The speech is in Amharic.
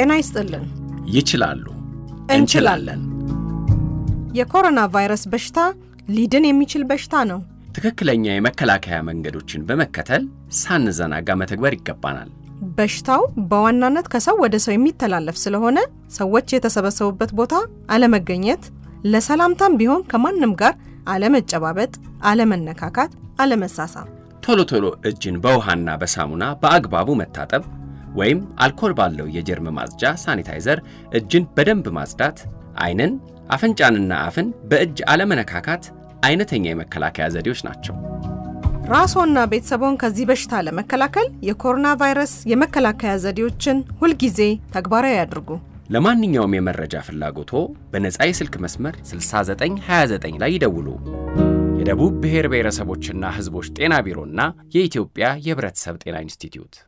ጤና ይስጥልን። ይችላሉ፣ እንችላለን። የኮሮና ቫይረስ በሽታ ሊድን የሚችል በሽታ ነው። ትክክለኛ የመከላከያ መንገዶችን በመከተል ሳንዘናጋ መተግበር ይገባናል። በሽታው በዋናነት ከሰው ወደ ሰው የሚተላለፍ ስለሆነ ሰዎች የተሰበሰቡበት ቦታ አለመገኘት፣ ለሰላምታም ቢሆን ከማንም ጋር አለመጨባበጥ፣ አለመነካካት፣ አለመሳሳም፣ ቶሎ ቶሎ እጅን በውሃና በሳሙና በአግባቡ መታጠብ ወይም አልኮል ባለው የጀርም ማጽጃ ሳኒታይዘር እጅን በደንብ ማጽዳት፣ አይንን፣ አፍንጫንና አፍን በእጅ አለመነካካት አይነተኛ የመከላከያ ዘዴዎች ናቸው። ራስዎና ቤተሰቦን ከዚህ በሽታ ለመከላከል የኮሮና ቫይረስ የመከላከያ ዘዴዎችን ሁልጊዜ ተግባራዊ ያድርጉ። ለማንኛውም የመረጃ ፍላጎቶ በነፃ የስልክ መስመር 6929 ላይ ይደውሉ። የደቡብ ብሔር ብሔረሰቦችና ሕዝቦች ጤና ቢሮና የኢትዮጵያ የሕብረተሰብ ጤና ኢንስቲትዩት